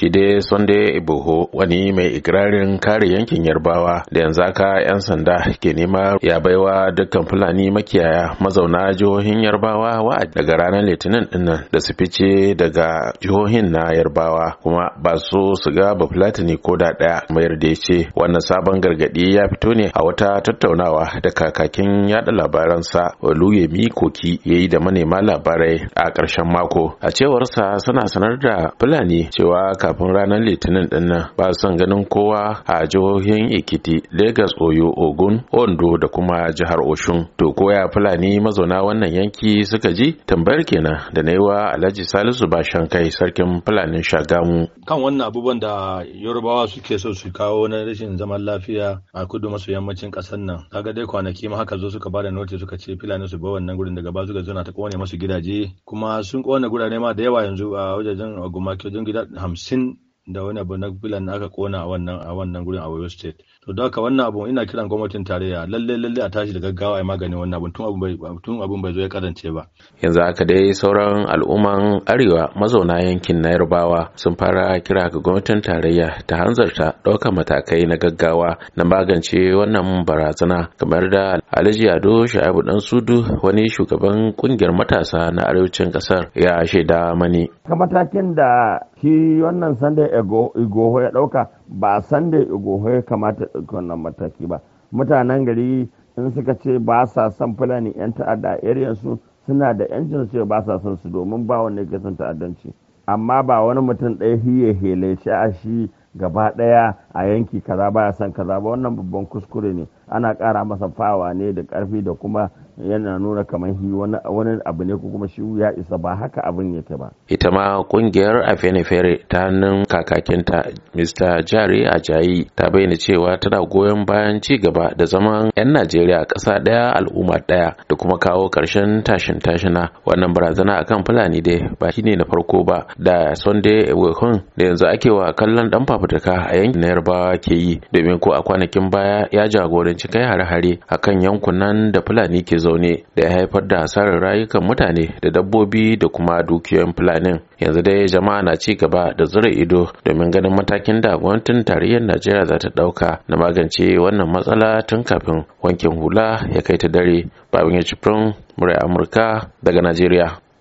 shi dai sunday iboho wani mai ikirarin kare yankin yarbawa da yanzu haka 'yan sanda ke nema ya baiwa dukkan fulani makiyaya mazauna jihohin yarbawa wa? daga ranar litinin dinnan da su fice daga jihohin na yarbawa kuma ba su su ga fulatini ko da ɗaya? mayar da ya ce wannan sabon gargadi ya fito ne a wata tattaunawa da kakakin yada labaransa oluyemi koki ya yi da manema labarai a ƙarshen mako a cewarsa suna sanar da fulani cewa kafin ranar litinin din nan ba son ganin kowa a jihohin Ekiti, lagos Oyo, Ogun, Ondo da kuma jihar Oshun. To ya Fulani mazauna wannan yanki suka ji tambayar kenan da na yi wa Alhaji Salisu Bashan kai sarkin Fulanin Shagamu. Kan wannan abubuwan da Yorubawa suke so su kawo na rashin zaman lafiya a kudu maso yammacin ƙasar nan. Kaga dai kwanaki ma haka zo suka ba da noti suka ce Fulani su ba wannan gurin daga ba suka zo ta kone masu gidaje kuma sun kone gurare ma da yawa yanzu a wajajen Ogumaki wajen gida hamsin arba'in da wani abu na bilan aka kona a wannan a wannan gurin a Oyo State. To da haka wannan abu ina kiran gwamnatin tarayya lalle lalle a tashi da gaggawa a magani wannan abu tun abun bai tun abun bai zo ya karance ba. Yanzu haka dai sauran al'umman Arewa mazauna yankin na Yarbawa sun fara kira ga gwamnatin tarayya ta hanzarta ɗaukar matakai na gaggawa na magance wannan barazana kamar da Alhaji Ado Sha'ibu Dan Sudu wani shugaban kungiyar matasa na arewacin kasar ya shaida mani. Ga matakin da ki wannan sanda igoho ya ɗauka ba sanda igoho ya kamata ɗauki wannan mataki ba mutanen gari in suka ce ba sa son fulani 'yan ta'adda a su suna da 'yancin su ba sa son su domin ba wanda ke son ta'addanci amma ba wani mutum ɗaya hiye hele shi a shi gaba ɗaya a yanki kaza ba ya son kaza ba wannan babban kuskure ne ana ƙara masa fawa ne da ƙarfi da kuma yana nuna kamar shi wani abu ne ko kuma shi ya isa ba haka abin yake ba. Ita ma kungiyar fere ta hannun kakakinta Mr. Jari Ajayi ta bayyana cewa tana goyon bayan ci gaba da zaman 'yan Najeriya ƙasa ɗaya al'umma ɗaya da kuma kawo ƙarshen tashin tashina wannan barazana kan Fulani dai ba shi ne na farko ba da Sunday Wekun da yanzu ake wa kallon ɗan fafutuka a yankin na Yarbawa ke yi domin ko a kwanakin baya ya jagoranci fuskanci kai hare-hare a kan yankunan da Fulani ke zaune da ya haifar da hasarar rayukan mutane da dabbobi da kuma dukiyoyin Fulanin. Yanzu dai jama'a na ci gaba da zura ido domin ganin matakin da gwamnatin tarayyar Najeriya za ta ɗauka na magance wannan matsala tun kafin wankin hula ya kai ta dare. Babin ya murai Amurka daga Najeriya.